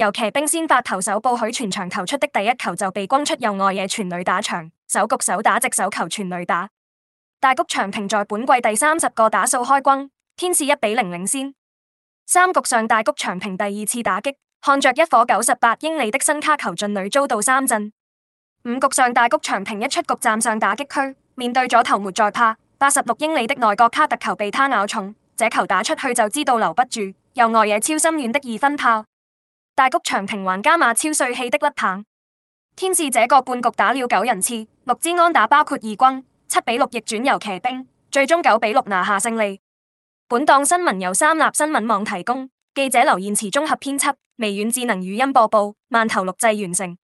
遊騎兵先發投手布許全場投出的第一球就被轟出右外野全、全壘打牆，首局首打席首球全壘打。大谷翔平在本季第三十個打數開轟，天使一比零領先。三局上大谷翔平第二次打擊，看着一顆九十八英里的新卡球進壘遭到三振。五局上大谷翔平一出局站上打擊區，面對左投沒在怕，八十六英里的內角卡特球被他咬重，這球打出去就知道留不住，右外野超深遠的二分炮。大谷翔平還加碼超帥氣的甩棒，天使這個半局打了九人次，六支安打包括二軍，七比六逆轉遊騎兵，最終九比六拿下勝利。本檔新聞由三立新聞網提供，記者劉燕池綜合編輯，微軟智能語音播報，萬頭錄製完成。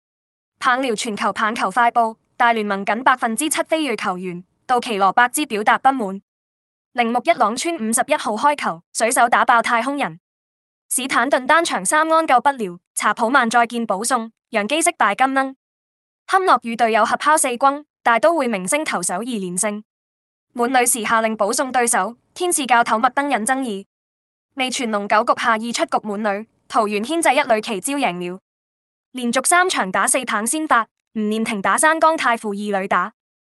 棒聊全球棒球快報，大聯盟僅百分之七非裔球員，道奇羅伯茲表達不滿。鈴木一朗穿五十一號開球，水手打爆太空人。史坦頓單場三安救不了，查普曼再見保送，洋基色大金恩，坎諾與隊友合敲四轟，大都會明星投手二連勝。滿壘時下令保送對手，天使教頭麥登引爭議。味全龍九局下二出局滿壘，桃園牽制一壘奇招贏了，連續三場打四棒先發，吳念庭打山岡泰輔二壘打。